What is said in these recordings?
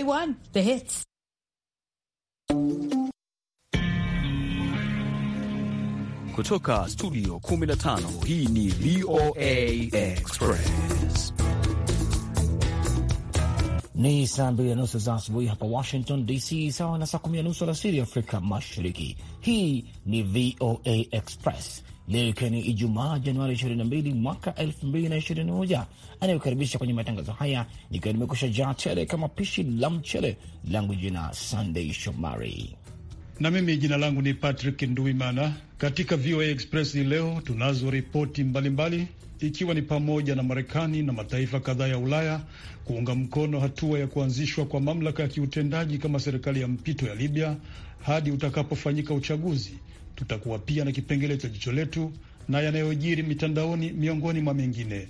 One, the hits. Kutoka studio 15 hii ni VOA Express. Ni saa mbili na nusu za asubuhi hapa Washington DC, sawa na saa kumi na nusu alasiri Afrika Mashariki. Hii ni VOA Express leo ikiwa ni Ijumaa Januari 22 mwaka 2021. Anayokaribisha kwenye matangazo haya nikiwa nimekusha jaa tele kama pishi la mchele langu, jina Sunday Shomari na mimi jina langu ni Patrick Nduimana. Katika VOA Express hii leo tunazo ripoti mbalimbali, ikiwa ni pamoja na Marekani na mataifa kadhaa ya Ulaya kuunga mkono hatua ya kuanzishwa kwa mamlaka ya kiutendaji kama serikali ya mpito ya Libya hadi utakapofanyika uchaguzi Tutakuwa pia na kipengele cha jicho letu na yanayojiri mitandaoni miongoni mwa mengine.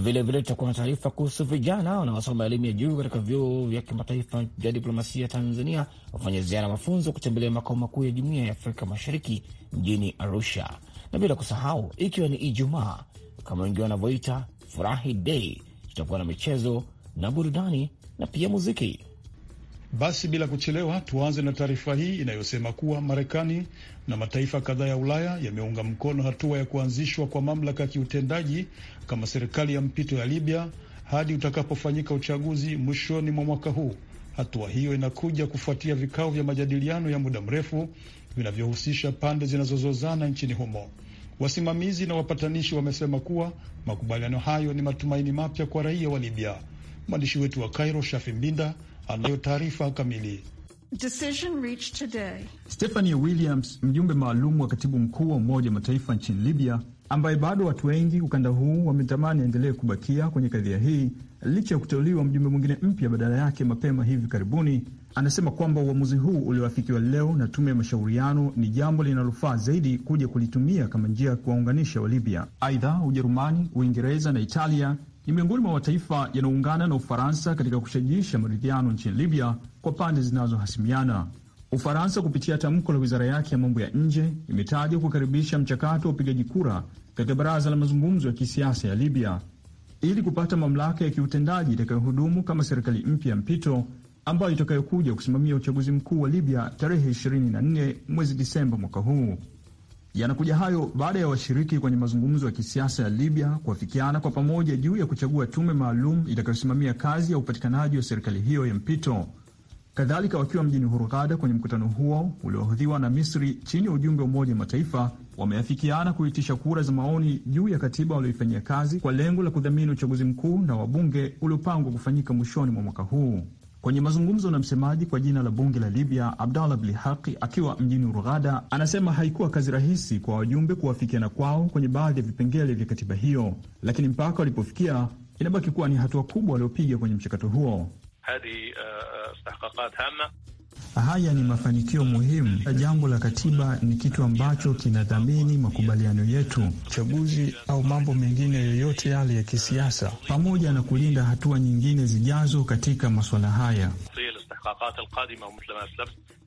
Vilevile tutakuwa na taarifa kuhusu vijana wanaosoma elimu ya juu katika vyuo vya kimataifa vya diplomasia Tanzania wafanya ziara ya mafunzo kutembelea makao makuu ya jumuiya ya Afrika Mashariki mjini Arusha, na bila kusahau, ikiwa ni Ijumaa kama wengi wanavyoita furahi day, tutakuwa na michezo na burudani na pia muziki. Basi bila kuchelewa, tuanze na taarifa hii inayosema kuwa Marekani na mataifa kadhaa ya Ulaya yameunga mkono hatua ya kuanzishwa kwa mamlaka ya kiutendaji kama serikali ya mpito ya Libya hadi utakapofanyika uchaguzi mwishoni mwa mwaka huu. Hatua hiyo inakuja kufuatia vikao vya majadiliano ya muda mrefu vinavyohusisha pande zinazozozana nchini humo. Wasimamizi na wapatanishi wamesema kuwa makubaliano hayo ni matumaini mapya kwa raia wa Libya. Mwandishi wetu wa Kairo, Shafi Mbinda, anayo ah, taarifa kamili. Decision reached today. Stephanie Williams, mjumbe maalum wa katibu mkuu wa Umoja Mataifa nchini Libya, ambaye bado watu wengi ukanda huu wametamani aendelee kubakia kwenye kadhia hii licha ya kuteuliwa mjumbe mwingine mpya badala yake mapema hivi karibuni, anasema kwamba uamuzi huu ulioafikiwa leo na tume ya mashauriano ni jambo linalofaa zaidi kuja kulitumia kama njia ya kuwaunganisha wa Libya. Aidha, Ujerumani, Uingereza na Italia ni miongoni mwa mataifa yanaoungana na Ufaransa katika kushajiisha maridhiano nchini Libya kwa pande zinazohasimiana. Ufaransa kupitia tamko la wizara yake ya mambo ya nje imetaja kukaribisha mchakato wa upigaji kura katika baraza la mazungumzo ya kisiasa ya Libya ili kupata mamlaka ya kiutendaji itakayohudumu kama serikali mpya ya mpito ambayo itakayokuja kusimamia uchaguzi mkuu wa Libya tarehe 24 mwezi Disemba mwaka huu. Yanakuja hayo baada ya washiriki kwenye mazungumzo ya kisiasa ya Libya kuafikiana kwa pamoja juu ya kuchagua tume maalum itakayosimamia kazi ya upatikanaji wa serikali hiyo ya mpito. Kadhalika, wakiwa mjini Hurghada kwenye mkutano huo uliohudhiwa na Misri chini ya ujumbe wa Umoja wa Mataifa, wameafikiana kuitisha kura za maoni juu ya katiba walioifanyia kazi kwa lengo la kudhamini uchaguzi mkuu na wabunge uliopangwa kufanyika mwishoni mwa mwaka huu. Kwenye mazungumzo na msemaji kwa jina la bunge la Libya, Abdallah Blihaqi, Haqi akiwa mjini urughada anasema haikuwa kazi rahisi kwa wajumbe kuwafikiana kwao kwenye baadhi ya vipengele vya katiba hiyo, lakini mpaka walipofikia inabaki kuwa ni hatua kubwa waliopiga kwenye mchakato huo. Hadi, uh, uh Haya ni mafanikio muhimu. Jambo la katiba ni kitu ambacho kinadhamini makubaliano yetu, uchaguzi au mambo mengine yoyote yale ya kisiasa, pamoja na kulinda hatua nyingine zijazo katika masuala haya.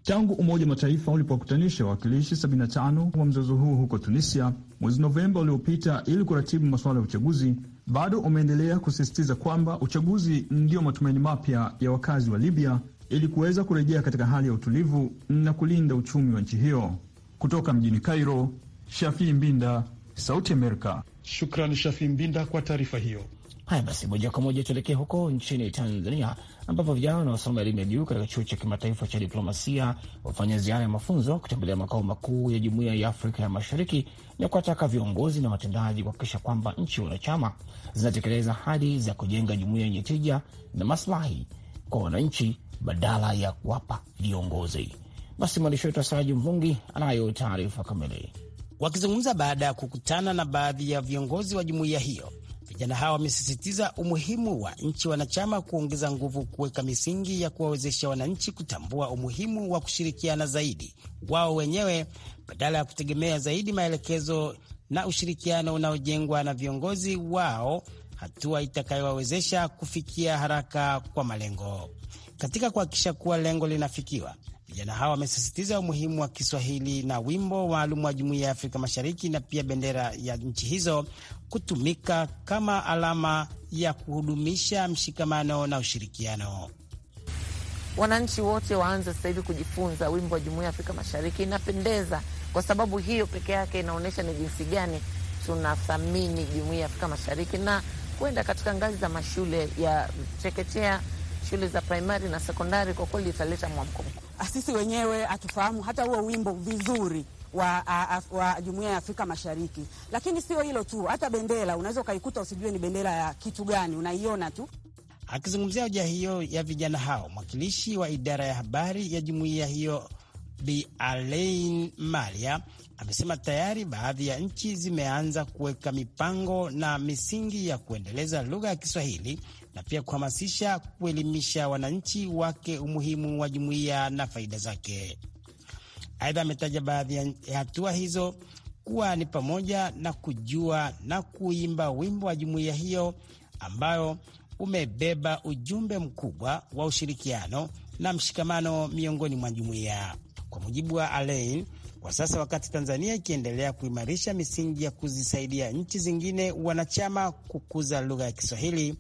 Tangu Umoja wa Mataifa ulipokutanisha wawakilishi 75 wa mzozo huu huko Tunisia mwezi Novemba uliopita ili kuratibu masuala ya uchaguzi, bado umeendelea kusisitiza kwamba uchaguzi ndio matumaini mapya ya wakazi wa Libya ili kuweza kurejea katika hali ya utulivu na kulinda uchumi wa nchi hiyo. Kutoka mjini Cairo, Shafii Mbinda, Sauti Amerika. Shukran Shafii Mbinda kwa taarifa hiyo. Haya basi, moja kwa moja tuelekee huko nchini Tanzania, ambapo vijana wanaosoma elimu ya juu katika chuo cha kimataifa cha diplomasia wafanya ziara ya mafunzo kutembelea makao makuu ya jumuiya ya Afrika ya Mashariki na kuwataka viongozi na watendaji kuhakikisha kwamba nchi wanachama zinatekeleza ahadi za kujenga jumuiya yenye tija na maslahi kwa wananchi badala ya kuwapa viongozi. Basi mwandishi wetu Asaraji Mvungi anayo taarifa kamili. Wakizungumza baada ya kukutana na baadhi ya viongozi wa jumuiya hiyo, vijana hawa wamesisitiza umuhimu wa nchi wanachama kuongeza nguvu kuweka misingi ya kuwawezesha wananchi kutambua umuhimu wa kushirikiana zaidi wao wenyewe badala ya kutegemea zaidi maelekezo na ushirikiano unaojengwa na viongozi wao hatua itakayowawezesha kufikia haraka kwa malengo. Katika kuhakikisha kuwa lengo linafikiwa, vijana hawa wamesisitiza umuhimu wa Kiswahili na wimbo maalum wa Jumuiya ya Afrika Mashariki na pia bendera ya nchi hizo kutumika kama alama ya kuhudumisha mshikamano na ushirikiano. Wananchi wote waanze sasa hivi kujifunza wimbo wa Jumuiya ya Afrika Mashariki. Inapendeza kwa sababu hiyo peke yake inaonyesha ni jinsi gani tunathamini Jumuiya ya Afrika Mashariki na kwenda katika ngazi za mashule ya chekechea, shule za primary na sekondari, kwa kweli italeta mwamko mkubwa. Ah, sisi wenyewe hatufahamu hata huo wimbo vizuri wa, a, wa Jumuiya ya Afrika Mashariki. Lakini sio hilo tu, hata bendera unaweza ukaikuta usijue ni bendera ya kitu gani, unaiona tu. Akizungumzia hoja hiyo ya vijana hao, mwakilishi wa idara ya habari ya jumuiya hiyo Bi Alain Malia amesema tayari baadhi ya nchi zimeanza kuweka mipango na misingi ya kuendeleza lugha ya Kiswahili na pia kuhamasisha kuelimisha wananchi wake umuhimu wa jumuiya na faida zake. Aidha, ametaja baadhi ya hatua hizo kuwa ni pamoja na kujua na kuimba wimbo wa jumuiya hiyo ambayo umebeba ujumbe mkubwa wa ushirikiano na mshikamano miongoni mwa jumuiya. Kwa mujibu wa Alain, kwa sasa, wakati Tanzania ikiendelea kuimarisha misingi ya kuzisaidia nchi zingine wanachama kukuza lugha ya Kiswahili,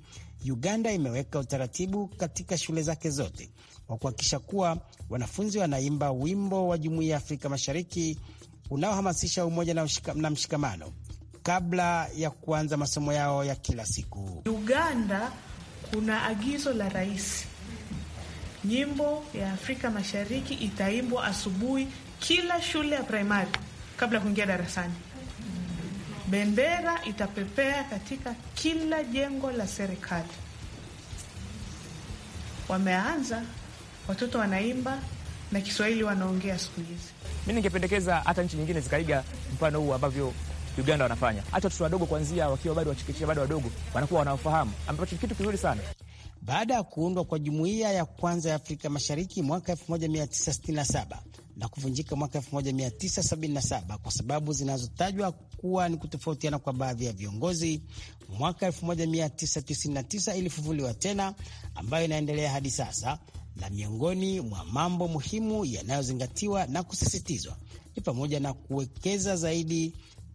Uganda imeweka utaratibu katika shule zake zote wa kuhakikisha kuwa wanafunzi wanaimba wimbo wa Jumuiya ya Afrika Mashariki unaohamasisha umoja na, ushika, na mshikamano kabla ya kuanza masomo yao ya kila siku. Uganda kuna agizo la rais, nyimbo ya Afrika Mashariki itaimbwa asubuhi kila shule ya praimari kabla ya kuingia darasani. Bendera itapepea katika kila jengo la serikali. Wameanza watoto wanaimba na Kiswahili wanaongea siku hizi. Mi ningependekeza hata nchi nyingine zikaiga mfano huu ambavyo Uganda wanafanya. Hata watoto wadogo kwanzia wakiwa bado wachekechea bado wadogo wanakuwa wanaofahamu, ambacho kitu kizuri sana. Baada ya kuundwa kwa jumuiya ya kwanza ya Afrika Mashariki mwaka 1967 na kuvunjika mwaka 1977 kwa sababu zinazotajwa kuwa ni kutofautiana kwa baadhi ya viongozi. Mwaka 1999 ilifufuliwa tena, ambayo inaendelea hadi sasa, na miongoni mwa mambo muhimu yanayozingatiwa na kusisitizwa ni pamoja na kuwekeza zaidi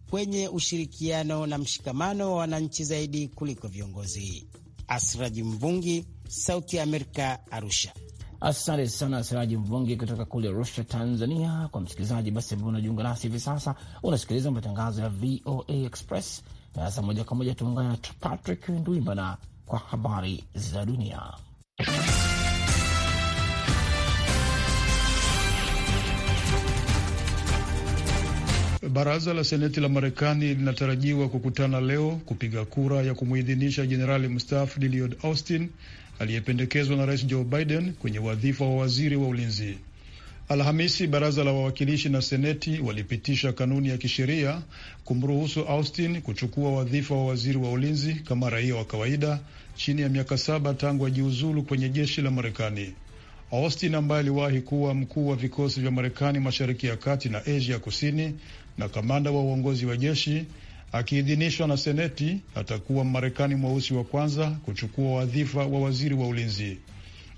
kwenye ushirikiano na mshikamano wa wananchi zaidi kuliko viongozi. Asraji Mvungi, Sauti ya Amerika, Arusha. Asante sana seraji Mvungi kutoka kule Arusha, Tanzania. Kwa msikilizaji basi ambao unajiunga nasi hivi sasa, unasikiliza matangazo ya VOA Express na sasa moja kwa moja tuungana na Patrick Ndwimana kwa habari za dunia. Baraza la Seneti la Marekani linatarajiwa kukutana leo kupiga kura ya kumwidhinisha jenerali mstaafu Lloyd Austin aliyependekezwa na Rais Joe Biden kwenye wadhifa wa waziri wa ulinzi. Alhamisi, baraza la wawakilishi na seneti walipitisha kanuni ya kisheria kumruhusu Austin kuchukua wadhifa wa waziri wa ulinzi kama raia wa kawaida chini ya miaka saba tangu ajiuzulu kwenye jeshi la Marekani. Austin ambaye aliwahi kuwa mkuu wa vikosi vya Marekani mashariki ya kati na Asia kusini na kamanda wa uongozi wa jeshi Akiidhinishwa na Seneti, atakuwa Mmarekani mweusi wa kwanza kuchukua wadhifa wa waziri wa ulinzi.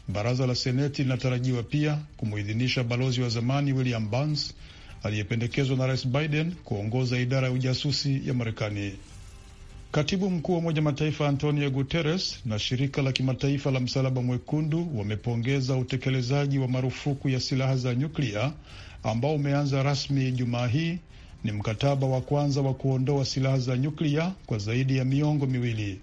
Baraza la Seneti linatarajiwa pia kumuidhinisha balozi wa zamani William Burns aliyependekezwa na Rais Biden kuongoza idara ya ujasusi ya Marekani. Katibu mkuu wa Umoja Mataifa Antonio Guterres na shirika la kimataifa la Msalaba Mwekundu wamepongeza utekelezaji wa marufuku ya silaha za nyuklia ambao umeanza rasmi jumaa hii ni mkataba wa kwanza wa kuondoa silaha za nyuklia kwa zaidi ya miongo miwili.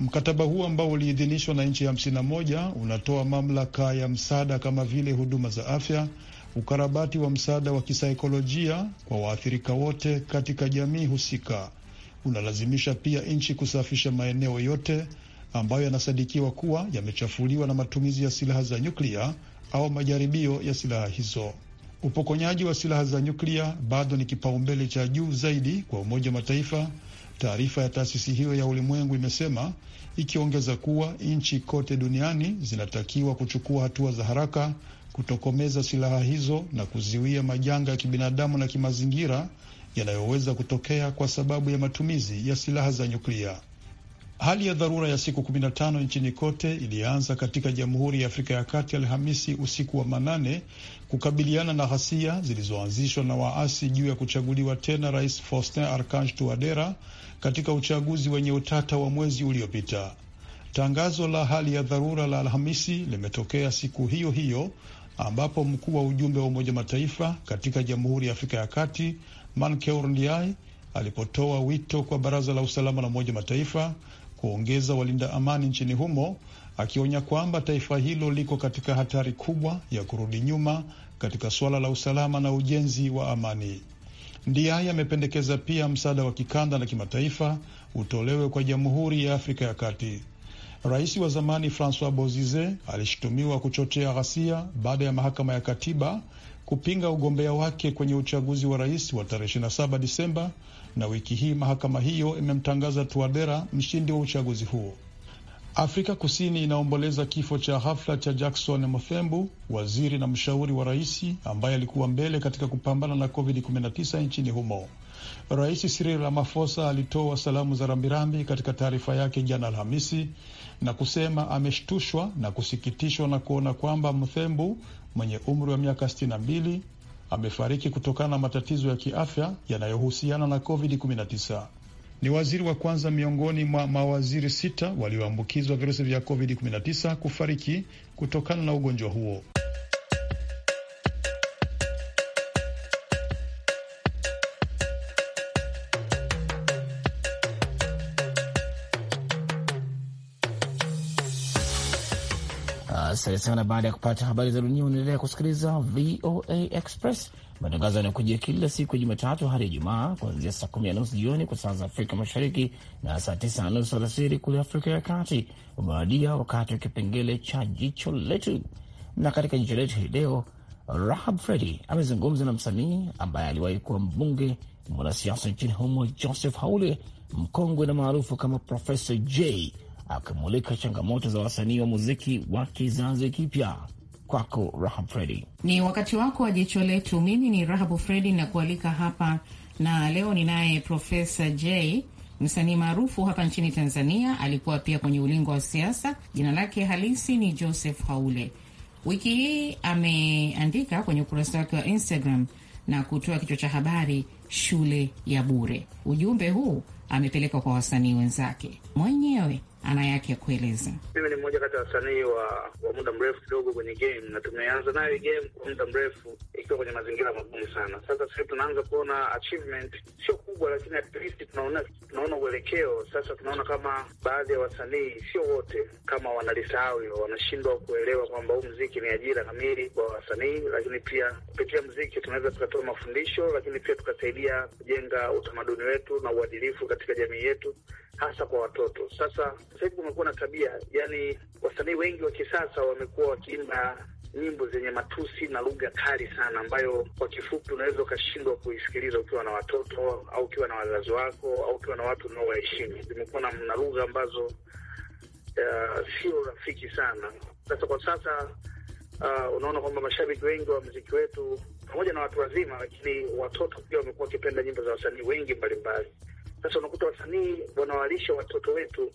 Mkataba huu ambao uliidhinishwa na nchi hamsini na moja unatoa mamlaka ya msaada kama vile huduma za afya, ukarabati wa msaada wa kisaikolojia kwa waathirika wote katika jamii husika. Unalazimisha pia nchi kusafisha maeneo yote ambayo yanasadikiwa kuwa yamechafuliwa na matumizi ya silaha za nyuklia au majaribio ya silaha hizo. Upokonyaji wa silaha za nyuklia bado ni kipaumbele cha juu zaidi kwa Umoja wa Mataifa, taarifa ya taasisi hiyo ya ulimwengu imesema, ikiongeza kuwa nchi kote duniani zinatakiwa kuchukua hatua za haraka kutokomeza silaha hizo na kuziwia majanga ya kibinadamu na kimazingira yanayoweza kutokea kwa sababu ya matumizi ya silaha za nyuklia. Hali ya dharura ya siku 15 nchini kote ilianza katika Jamhuri ya Afrika ya Kati Alhamisi usiku wa manane kukabiliana na ghasia zilizoanzishwa na waasi juu ya kuchaguliwa tena Rais Faustin Archange Touadera katika uchaguzi wenye utata wa mwezi uliopita. Tangazo la hali ya dharura la Alhamisi limetokea siku hiyo hiyo ambapo mkuu wa ujumbe wa Umoja Mataifa katika Jamhuri ya Afrika ya Kati Mankeur Ndiaye alipotoa wito kwa Baraza la Usalama la Umoja Mataifa kuongeza walinda amani nchini humo, akionya kwamba taifa hilo liko katika hatari kubwa ya kurudi nyuma katika suala la usalama na ujenzi wa amani. Ndiaye amependekeza pia msaada wa kikanda na kimataifa utolewe kwa Jamhuri ya Afrika ya Kati. Rais wa zamani Francois Bozize alishutumiwa kuchochea ghasia baada ya mahakama ya katiba kupinga ugombea wake kwenye uchaguzi wa rais wa tarehe 27 Disemba na wiki hii mahakama hiyo imemtangaza tuadera mshindi wa uchaguzi huo. Afrika Kusini inaomboleza kifo cha ghafla cha Jackson Mthembu, waziri na mshauri wa rais ambaye alikuwa mbele katika kupambana na COVID-19 nchini humo. Rais Cyril Ramaphosa alitoa salamu za rambirambi katika taarifa yake jana Alhamisi na kusema ameshtushwa na kusikitishwa na kuona kwamba Mthembu mwenye umri wa miaka amefariki kutokana na matatizo ya kiafya yanayohusiana na COVID-19. Ni waziri wa kwanza miongoni mwa mawaziri sita walioambukizwa virusi vya COVID-19 kufariki kutokana na ugonjwa huo. Asante sana. Baada ya kupata habari za dunia, unaendelea kusikiliza VOA Express, matangazo yanayokujia kila siku ya Jumatatu hadi Ijumaa, kuanzia saa kumi na nusu jioni kwa saa za Afrika Mashariki na saa tisa na nusu alasiri kule Afrika ya Kati. Umewadia wakati wa kipengele cha jicho letu, na katika jicho letu hii leo Rahab Fredi amezungumza na msanii ambaye aliwahi kuwa mbunge, mwanasiasa nchini humo, Joseph Haule, mkongwe na maarufu kama Profesa J akimulika changamoto za wasanii wa muziki wa kizazi kipya. Kwako Rahab Fredi, ni wakati wako wa jicho letu. Mimi ni Rahabu Fredi na kualika hapa, na leo ninaye Profesa J, msanii maarufu hapa nchini Tanzania. Alikuwa pia kwenye ulingo wa siasa, jina lake halisi ni Joseph Haule. Wiki hii ameandika kwenye ukurasa wake wa Instagram na kutoa kichwa cha habari shule ya bure. Ujumbe huu amepeleka kwa wasanii wenzake mwenyewe ana yake ya kueleza. Mimi ni mmoja kati ya wasanii wa, wa muda mrefu kidogo kwenye game na tumeanza nayo game kwa muda mrefu ikiwa kwenye mazingira magumu sana. Sasa sisi tunaanza kuona achievement sio kubwa, lakini at least tunaona tunaona uelekeo. Sasa tunaona kama baadhi ya wasanii, sio wote, kama wanalisahau hilo, wanashindwa kuelewa kwamba huu mziki ni ajira kamili kwa wasanii, lakini pia kupitia mziki tunaweza tukatoa mafundisho, lakini pia tukasaidia kujenga utamaduni wetu na uadilifu katika jamii yetu hasa kwa watoto. Sasa sasa hivi kumekuwa na tabia, yani wasanii wengi wa kisasa wamekuwa wakiimba nyimbo zenye matusi na lugha kali sana, ambayo kwa kifupi unaweza ukashindwa kuisikiliza ukiwa na watoto au ukiwa na wazazi wako au ukiwa na watu unaowaheshimu. Zimekuwa na lugha ambazo uh, sio rafiki sana. Sasa kwa sasa uh, unaona kwamba mashabiki wengi wa mziki wetu pamoja na watu wazima, lakini watoto pia wamekuwa wakipenda nyimbo za wasanii wengi mbalimbali mbali. Sasa unakuta wasanii wanawalisha watoto wetu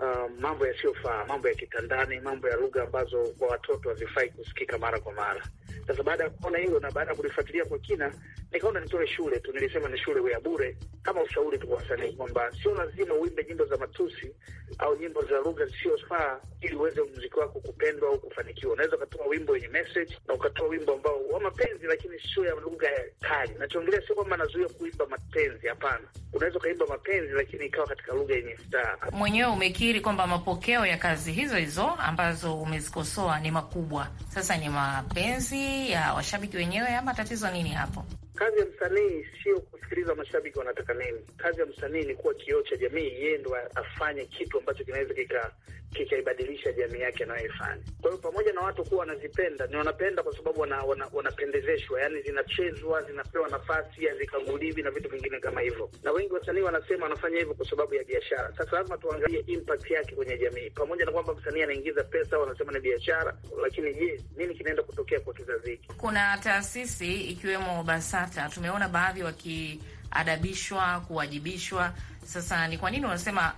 um, mambo yasiyofaa, mambo ya kitandani, mambo ya lugha ambazo kwa watoto hazifai kusikika mara kwa mara. Sasa baada ya kuona hilo na baada ya kulifuatilia kwa kina, nikaona nitoe shule tu, nilisema ni shule ya bure kama ushauri tu kwa wasanii kwamba sio lazima uimbe nyimbo za matusi au nyimbo za lugha zisiyofaa ili uweze mziki wako kupendwa au kufanikiwa. Unaweza ukatoa wimbo wenye message na ukatoa wimbo ambao wa mapenzi, lakini sio ya lugha ya kali. Nachoongelea sio kwamba nazuia kuimba mapenzi, hapana. Unaweza ukaimba mapenzi, lakini ikawa katika lugha yenye staha. Mwenyewe umekia nafikiri kwamba mapokeo ya kazi hizo hizo ambazo umezikosoa ni makubwa. Sasa ni mapenzi ya washabiki wenyewe ama tatizo nini hapo? Kazi ya msanii sio kusikiliza mashabiki wanataka nini. Kazi ya msanii ni kuwa kioo cha jamii, yeye ndo afanye kitu ambacho kinaweza kika kikaibadilisha jamii yake anayoifanya. Kwa hiyo pamoja na watu kuwa wanazipenda, ni wanapenda kwa sababu wana, wana, wanapendezeshwa, yani zinachezwa, zinapewa nafasi, hazikaguliwi na vitu vingine kama hivyo, na wengi wasanii wanasema wanafanya hivyo kwa sababu ya biashara. Sasa lazima tuangalie impact yake kwenye jamii, pamoja na kwamba msanii anaingiza pesa, wanasema ni biashara, lakini je, nini kinaenda kutokea kwa kizazi hiki? Kuna taasisi ikiwemo BASATA, tumeona baadhi wakiadabishwa, kuwajibishwa. Sasa ni kwa nini wanasema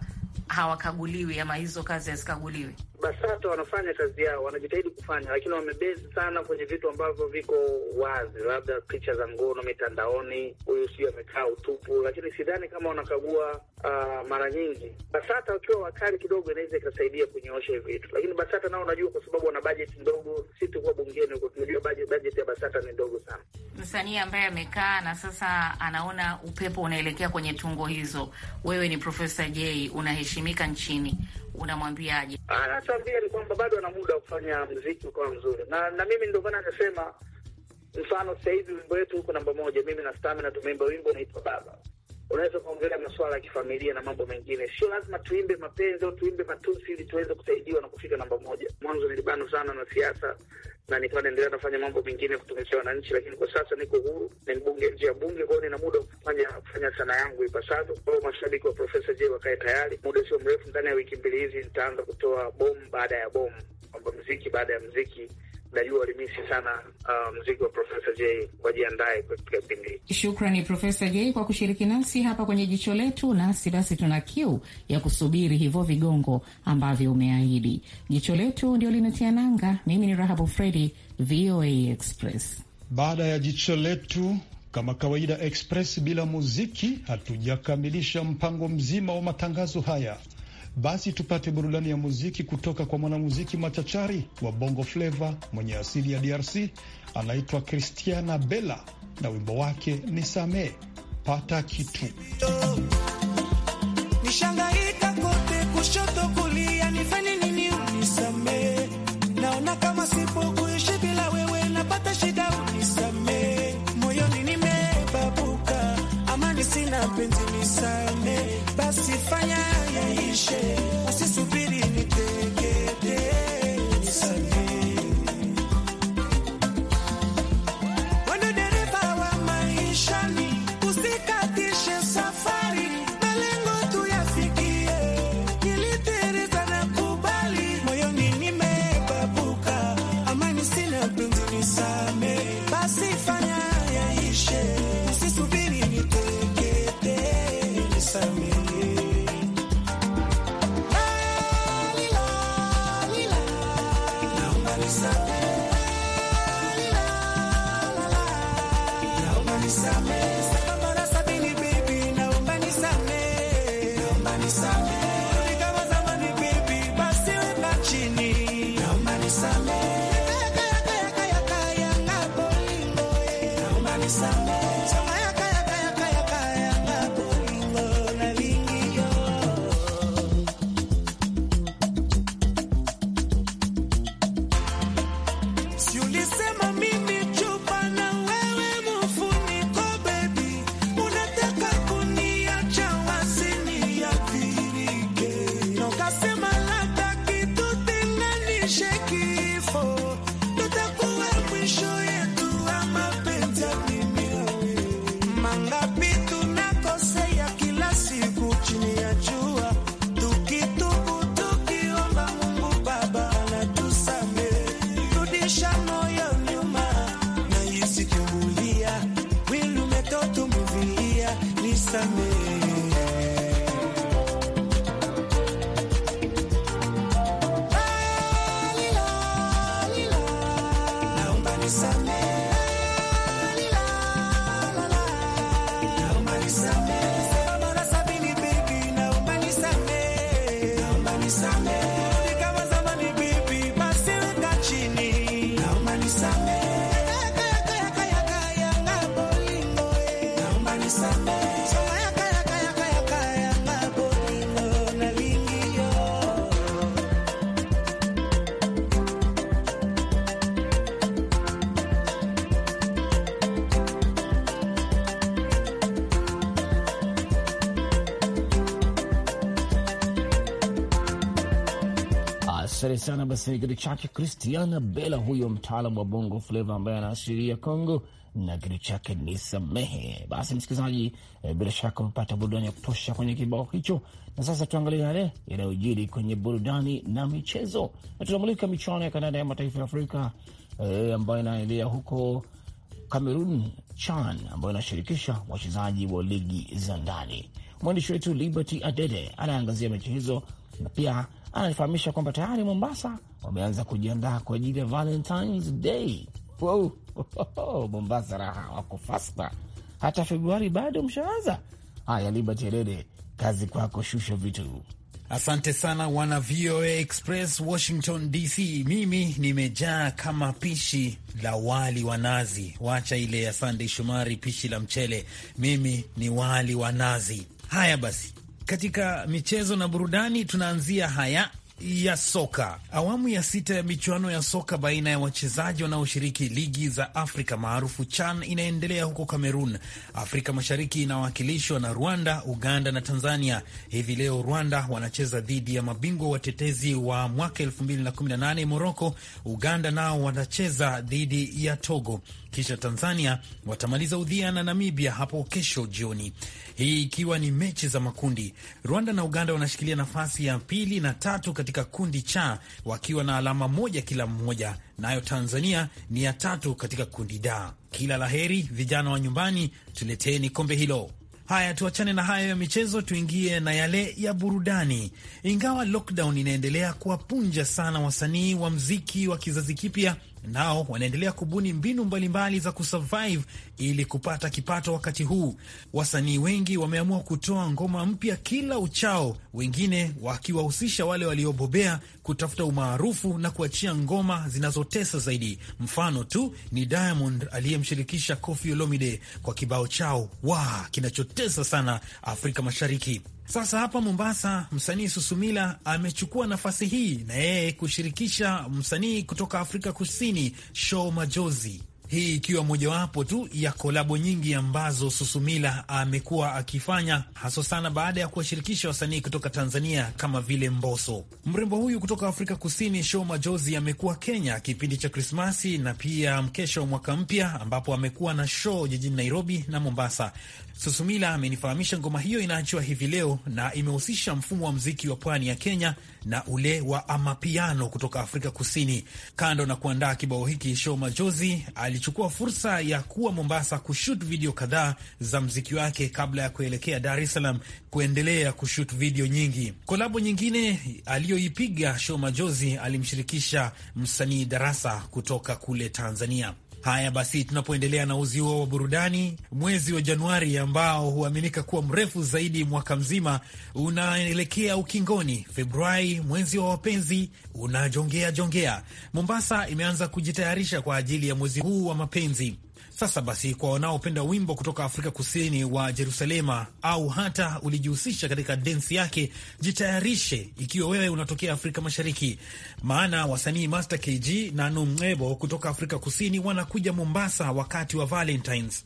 hawakaguliwi ama hizo kazi hazikaguliwi? BASATA wanafanya kazi yao, wanajitahidi kufanya, lakini wamebezi sana kwenye vitu ambavyo viko wazi, labda picha za ngono mitandaoni, huyu sijui amekaa utupu, lakini sidhani kama wanakagua uh, mara nyingi. BASATA wakiwa wakali kidogo inaweza ikasaidia kunyoosha hivi vitu, lakini BASATA nao unajua, kwa sababu wana bajeti ndogo. si tukuwa bungeni huko tunajua bajeti ya BASATA ni ndogo sana msanii ambaye amekaa na sasa anaona upepo unaelekea kwenye tungo hizo, wewe ni Profesa J, unaheshimika nchini, unamwambiaje? Ah, nachoambia ni kwamba bado ana muda wa kufanya mziki ukawa mzuri, na na mimi ndio maana nasema, mfano sasa hivi wimbo wetu huko namba moja, mimi na Stamina tumeimba wimbo unaitwa Baba unaweza kuongelea masuala ya kifamilia na mambo mengine. Sio lazima tuimbe mapenzi au tuimbe matusi ili tuweze kusaidiwa na kufika namba moja. Mwanzo nilibanwa sana na siasa na nikawa naendelea nafanya mambo mengine kutumikia wananchi, lakini kwa sasa niko huru ni mbunge nje ya bunge kwao, nina muda wa kufanya kufanya sana yangu ipasavyo. Kwao mashabiki wa Profesa J wakae tayari, muda sio mrefu, ndani ya wiki mbili hizi nitaanza kutoa bomu baada ya bomu, kwamba mziki baada ya mziki najua walimisi sana uh, mziki wa Profesa J, wajiandae kwa kipindi hiki. Shukrani Profesa J kwa kushiriki nasi hapa kwenye jicho letu, nasi basi tuna kiu ya kusubiri hivyo vigongo ambavyo umeahidi. Jicho letu ndio linatia nanga. Mimi ni Rahabu Fredi, VOA Express. Baada ya jicho letu kama kawaida, Express bila muziki hatujakamilisha mpango mzima wa matangazo haya. Basi tupate burudani ya muziki kutoka kwa mwanamuziki machachari wa Bongo Flava mwenye asili ya DRC, anaitwa Christiana Bella na wimbo wake ni Samee Pata Kitu. Lisa. sana basi kitu chake Christiana Bela, huyo mtaalam wa bongo fleva ambaye anaashiria Congo na kitu chake ni samehe. Basi msikilizaji, e, bila shaka umepata burudani ya kutosha kwenye kibao hicho, na sasa tuangalie yale yanayojiri kwenye burudani na michezo, na tunamulika michuano ya Kanada ya mataifa ya Afrika e, ambayo inaendelea huko Cameroon CHAN ambayo inashirikisha wachezaji wa ligi za ndani. Mwandishi wetu Liberty Adede anaangazia mechi hizo na pia ananifahamisha kwamba tayari Mombasa wameanza kujiandaa kwa ajili ya Valentines Day. Wow. Mombasa raha wako fasta, hata Februari bado mshaanza. Haya, Liberty Adede, kazi kwako, shusha vitu. Asante sana wana VOA Express Washington DC. Mimi nimejaa kama pishi la wali wa nazi, wacha ile ya Sunday Shomari, pishi la mchele. Mimi ni wali wa nazi. Haya basi katika michezo na burudani, tunaanzia haya ya soka. Awamu ya sita ya michuano ya soka baina ya wachezaji wanaoshiriki ligi za Afrika maarufu CHAN inaendelea huko Kamerun. Afrika Mashariki inawakilishwa na Rwanda, Uganda na Tanzania. Hivi leo Rwanda wanacheza dhidi ya mabingwa watetezi wa mwaka 2018 Moroko. Uganda nao wanacheza dhidi ya Togo kisha Tanzania watamaliza udhia na Namibia hapo kesho jioni, hii ikiwa ni mechi za makundi. Rwanda na Uganda wanashikilia nafasi ya pili na tatu katika kundi cha wakiwa na alama moja kila mmoja, nayo Tanzania ni ya tatu katika kundi da. Kila laheri vijana wa nyumbani, tuleteeni kombe hilo. Haya, tuachane na hayo ya michezo, tuingie na yale ya burudani. Ingawa lockdown inaendelea kuwapunja sana wasanii wa mziki wa kizazi kipya nao wanaendelea kubuni mbinu mbalimbali za kusurvive ili kupata kipato. Wakati huu wasanii wengi wameamua kutoa ngoma mpya kila uchao, wengine wakiwahusisha wale waliobobea kutafuta umaarufu na kuachia ngoma zinazotesa zaidi. Mfano tu ni Diamond aliyemshirikisha Koffi Olomide kwa kibao chao wa kinachotesa sana Afrika Mashariki. Sasa hapa Mombasa, msanii Susumila amechukua nafasi hii na yeye kushirikisha msanii kutoka Afrika Kusini Show Majozi, hii ikiwa mojawapo tu ya kolabo nyingi ambazo Susumila amekuwa akifanya haswa sana baada ya kuwashirikisha wasanii kutoka Tanzania kama vile mboso Mrembo huyu kutoka Afrika Kusini Show Majozi amekuwa Kenya kipindi cha Krismasi na pia mkesha wa mwaka mpya, ambapo amekuwa na show jijini Nairobi na Mombasa. Susumila amenifahamisha ngoma hiyo inaachiwa hivi leo na imehusisha mfumo wa mziki wa pwani ya Kenya na ule wa amapiano kutoka Afrika Kusini. Kando na kuandaa kibao hiki, Show Majozi alichukua fursa ya kuwa Mombasa kushut video kadhaa za mziki wake kabla ya kuelekea Dar es Salaam kuendelea kushut video nyingi. Kolabo nyingine aliyoipiga Show Majozi alimshirikisha msanii Darasa kutoka kule Tanzania. Haya basi, tunapoendelea na uzi huo wa burudani, mwezi wa Januari ambao huaminika kuwa mrefu zaidi mwaka mzima unaelekea ukingoni. Februari, mwezi wa wapenzi, unajongea jongea. Mombasa imeanza kujitayarisha kwa ajili ya mwezi huu wa mapenzi. Sasa basi, kwa wanaopenda wimbo kutoka Afrika Kusini wa Jerusalema au hata ulijihusisha katika densi yake, jitayarishe ikiwa wewe unatokea Afrika Mashariki, maana wasanii Master KG na Numebo kutoka Afrika Kusini wanakuja Mombasa wakati wa Valentines.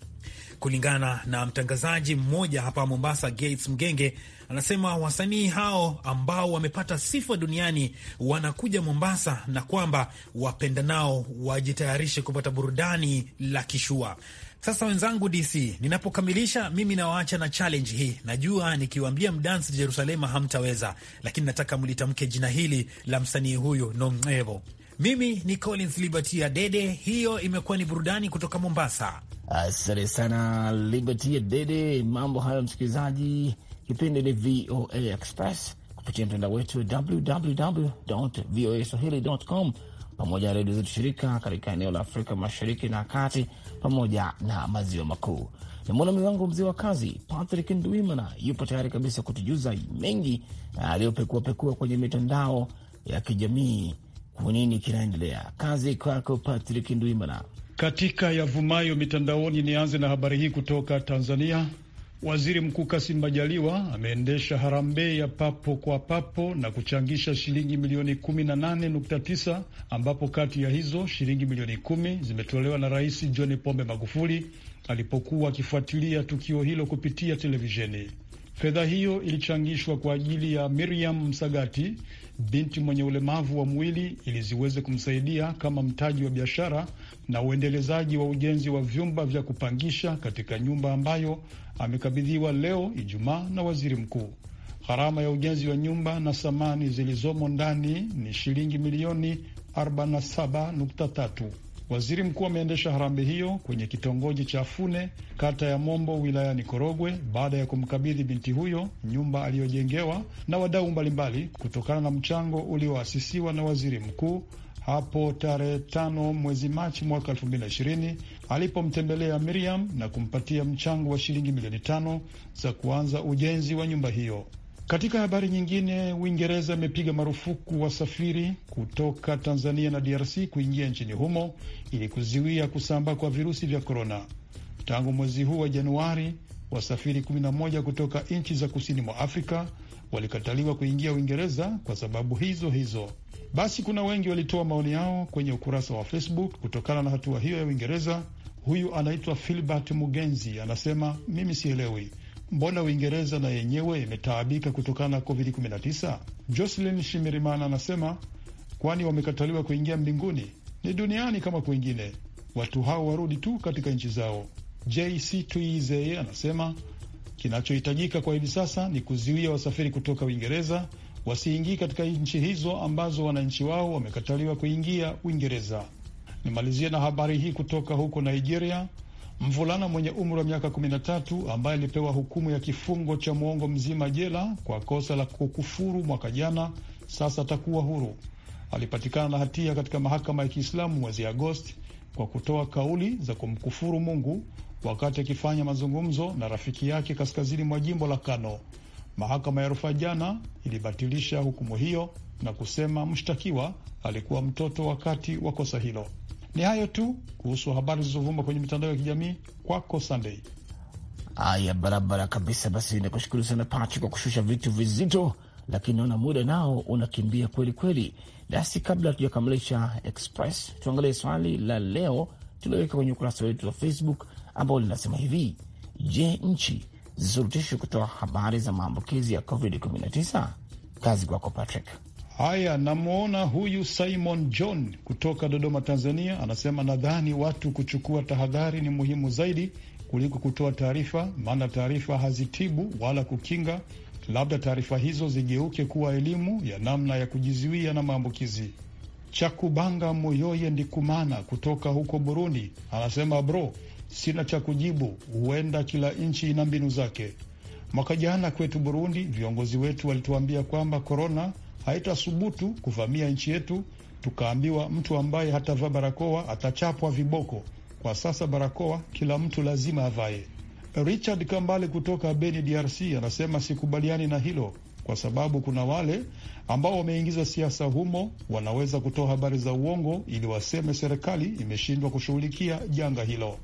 Kulingana na mtangazaji mmoja hapa Mombasa, Gates Mgenge anasema wasanii hao ambao wamepata sifa duniani wanakuja Mombasa na kwamba wapenda nao wajitayarishe kupata burudani la kishua. Sasa wenzangu DC, ninapokamilisha mimi nawaacha na challenge hii. Najua nikiwaambia mdansi Jerusalema hamtaweza, lakini nataka mlitamke jina hili la msanii huyu Nongevo. Mimi ni Collins Liberty Adede. Hiyo imekuwa ni burudani kutoka Mombasa. Asante sana Liberty Adede. Mambo hayo msikilizaji, kipindi ni VOA Express kupitia mtandao wetu www voa swahili.com pamoja na redio zetu shirika katika eneo la Afrika Mashariki na Kati pamoja na maziwa makuu. Namwona wangu mzee wa kazi Patrick Ndwimana yupo tayari kabisa kutujuza mengi aliyopekuapekua kwenye mitandao ya kijamii kwa nini kinaendelea. Kazi kwako Patrick Ndwimana. Katika yavumayo mitandaoni, nianze na habari hii kutoka Tanzania. Waziri Mkuu Kasim Majaliwa ameendesha harambee ya papo kwa papo na kuchangisha shilingi milioni 18.9 ambapo kati ya hizo shilingi milioni kumi zimetolewa na Rais John Pombe Magufuli alipokuwa akifuatilia tukio hilo kupitia televisheni. Fedha hiyo ilichangishwa kwa ajili ya Miriam Msagati, binti mwenye ulemavu wa mwili ili ziweze kumsaidia kama mtaji wa biashara na uendelezaji wa ujenzi wa vyumba vya kupangisha katika nyumba ambayo amekabidhiwa leo Ijumaa na waziri mkuu. Gharama ya ujenzi wa nyumba na samani zilizomo ndani ni shilingi milioni 47.3. Waziri mkuu ameendesha harambee hiyo kwenye kitongoji cha Fune, kata ya Mombo, wilayani Korogwe, baada ya kumkabidhi binti huyo nyumba aliyojengewa na wadau mbalimbali kutokana na mchango ulioasisiwa na waziri mkuu hapo tarehe tano mwezi Machi mwaka elfu mbili na ishirini alipomtembelea Miriam na kumpatia mchango wa shilingi milioni tano za kuanza ujenzi wa nyumba hiyo. Katika habari nyingine, Uingereza imepiga marufuku wasafiri kutoka Tanzania na DRC kuingia nchini humo ili kuziwia kusambaa kwa virusi vya korona. Tangu mwezi huu wa Januari, wasafiri 11 kutoka nchi za kusini mwa Afrika walikataliwa kuingia Uingereza kwa sababu hizo hizo. Basi kuna wengi walitoa maoni yao kwenye ukurasa wa Facebook kutokana na hatua hiyo ya Uingereza. Huyu anaitwa Filbert Mugenzi anasema, mimi sielewi Mbona Uingereza na yenyewe imetaabika kutokana na COVID-19? Jocelyn Shimirimana anasema kwani wamekataliwa kuingia mbinguni? Ni duniani kama kwingine, watu hao warudi tu katika nchi zao. JC Tuizeye anasema kinachohitajika kwa hivi sasa ni kuzuia wasafiri kutoka Uingereza wasiingii katika nchi hizo ambazo wananchi wao wamekataliwa kuingia Uingereza. Nimalizie na habari hii kutoka huko Nigeria. Mvulana mwenye umri wa miaka 13 ambaye alipewa hukumu ya kifungo cha mwongo mzima jela kwa kosa la kukufuru mwaka jana, sasa atakuwa huru. Alipatikana na hatia katika mahakama ya Kiislamu mwezi Agosti kwa kutoa kauli za kumkufuru Mungu wakati akifanya mazungumzo na rafiki yake kaskazini mwa jimbo la Kano. Mahakama ya rufaa jana ilibatilisha hukumu hiyo na kusema mshtakiwa alikuwa mtoto wakati wa kosa hilo. Ni hayo tu kuhusu habari zilizovuma kwenye mitandao ya kijamii. Kwako Sunday. Haya, barabara kabisa. Basi nakushukuru sana Patrick kwa kushusha vitu vizito, lakini naona muda nao unakimbia kweli kweli. Basi kabla hatujakamilisha express, tuangalie swali la leo tulioweka kwenye ukurasa wetu wa Facebook ambao linasema hivi: Je, nchi zisurutishwe kutoa habari za maambukizi ya COVID-19? Kazi kwako Patrick. Haya, namwona huyu Simon John kutoka Dodoma, Tanzania, anasema nadhani watu kuchukua tahadhari ni muhimu zaidi kuliko kutoa taarifa, maana taarifa hazitibu wala kukinga. Labda taarifa hizo zigeuke kuwa elimu ya namna ya kujizuia na maambukizi. Chakubanga Moyoye Ndikumana kutoka huko Burundi anasema bro, sina cha kujibu, huenda kila nchi ina mbinu zake. Mwaka jana kwetu Burundi, viongozi wetu walituambia kwamba korona haitathubutu kuvamia nchi yetu, tukaambiwa mtu ambaye hatavaa barakoa atachapwa viboko. Kwa sasa barakoa kila mtu lazima avae. Richard Kambale kutoka Beni, DRC, anasema sikubaliani na hilo kwa sababu kuna wale ambao wameingiza siasa humo, wanaweza kutoa habari za uongo ili waseme serikali imeshindwa kushughulikia janga hilo.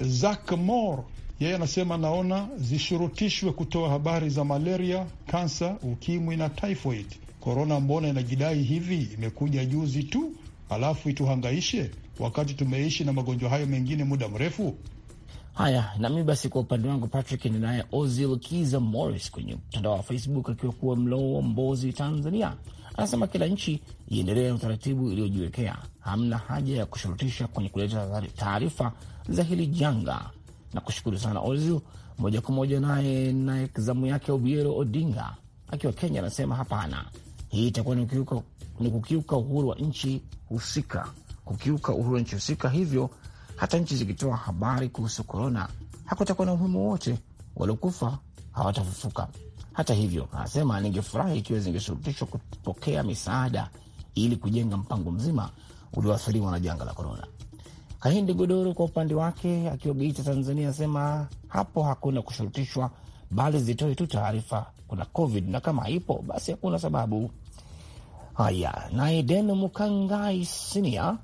Zak Mor yeye anasema naona zishurutishwe kutoa habari za malaria, kansa, ukimwi na typhoid korona mbona inajidai hivi? Imekuja juzi tu, alafu ituhangaishe wakati tumeishi na magonjwa hayo mengine muda mrefu. Haya, nami basi kwa upande wangu Patrick, ni naye Ozil Kiza Morris kwenye mtandao wa Facebook akiwa kuwa Mlowo, Mbozi, Tanzania, anasema kila nchi iendelee na utaratibu iliyojiwekea. Hamna haja ya kushurutisha kwenye kuleta taarifa za hili janga. Na kushukuru sana Ozil. Moja kwa moja naye naye zamu yake Obiero Odinga akiwa Kenya anasema hapana, hii itakuwa ni kukiuka, ni kukiuka uhuru wa nchi husika, kukiuka uhuru wa nchi husika. Hivyo hata nchi zikitoa habari kuhusu korona, hakutakuwa na umuhimu wote, waliokufa hawatafufuka. Hata hivyo, anasema ningefurahi ikiwa zingeshurutishwa kupokea misaada ili kujenga mpango mzima ulioathiriwa na janga la korona. Kahindi Godoro kwa upande wake akiwa Geita, Tanzania, asema hapo hakuna kushurutishwa bali zitoe tu taarifa kuna COVID na kama ipo basi hakuna sababu. Haya, naye Deno Mukangai Sinia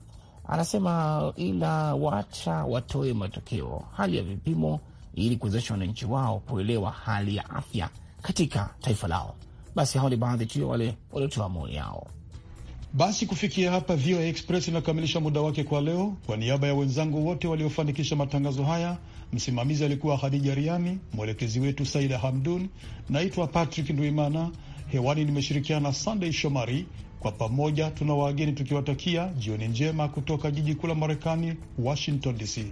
anasema ila wacha watoe matokeo hali ya vipimo ili kuwezesha wananchi wao kuelewa hali ya afya katika taifa lao. Basi hao ni baadhi tu wale waliotoa maoni yao. Basi kufikia hapa, VOA Express inakamilisha muda wake kwa leo. Kwa niaba ya wenzangu wote waliofanikisha matangazo haya Msimamizi alikuwa hadija Riami, mwelekezi wetu Saida Hamdun. Naitwa Patrick Ndwimana, hewani nimeshirikiana sandey Shomari. Kwa pamoja tuna wageni tukiwatakia jioni njema kutoka jiji kuu la Marekani, Washington DC.